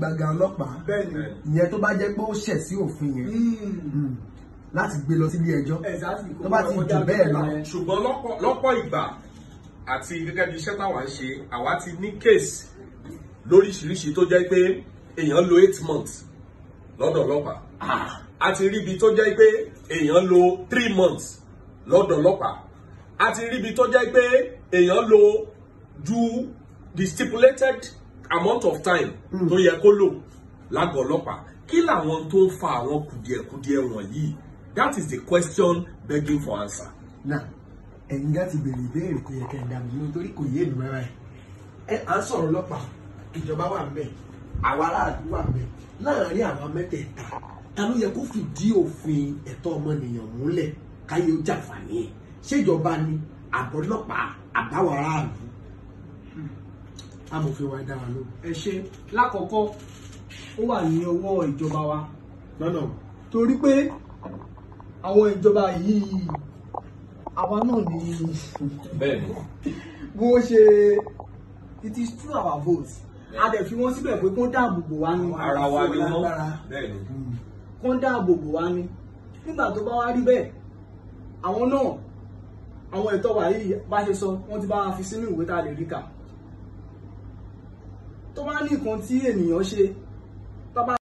gbàgà ọlọ́pàá ìyẹn tó bá jẹ́ pé ó ṣẹ̀ sí òfin yẹn hmm. Hmm. láti gbé lọ sílé ẹjọ́ tó bá ti jù bẹ́ẹ̀ lọ. ṣùgbọ́n lọ́pọ̀ ìgbà àti gẹ́gẹ́ bí iṣẹ́ táwa ń ṣe àwa ti ní kéèsì lóríṣiríṣi tó jẹ́ pé èèyàn lo eight months lọ́dọ̀ ọlọ́pàá ah. a ti ríbi tó jẹ́ pé èèyàn lo three months lọ́dọ̀ ọlọ́pàá a ti ríbi tó jẹ́ pé èèyàn lo ju the stipulated amount of time hmm. tó yẹ kó lò lágọ̀ọ́ ọlọ́pàá kí làwọn tó ń fa àwọn kùdìẹ̀kùdìẹ̀ wọ̀nyí that is the question begging for answer. na ẹ̀yin láti béèrè ìbéèrè kò yẹ kẹ́ ẹ̀ dà mí nítorí kò yé ènìyàn rẹ̀ ẹ à ń sọ̀rọ̀ ọlọ́pàá ìjọba wà ń bẹ̀ àwa aráàlú wà ń bẹ̀ láàárín àwa mẹ́tẹ̀ẹ̀ta ta ló yẹ kó fìdí òfin ẹ̀tọ́ ọmọnìyàn múlẹ̀ káyé ó jàǹfààní ẹ̀ ṣèjọba ni àbọ̀lọ́pàá àbáwọ̀ aráàlú amòfin wa dára ló. ẹ ṣe lákọ̀ọ́kọ́ ó wà ní ọwọ́ ìjọba wa. lọ́nà. torí pé àwọn ìjọba yìí àwa náà ní. bẹ́ẹ̀ni. bó ṣe it is through our votes a dẹ̀ fi wọ́n síbẹ̀ pé kó dáàbò bò wá ní. ara wa ni wọ́n bẹ́ẹ̀ni. kó dáàbò bò wá ní nígbà tó bá wá rí bẹ́ẹ̀ àwọn náà àwọn ẹ̀tọ́ wa yìí bá ṣe sọ wọ́n ti bá wa fi sínú ìwé tá a lè rí kà tó bá ní nǹkan tí ènìyàn ṣe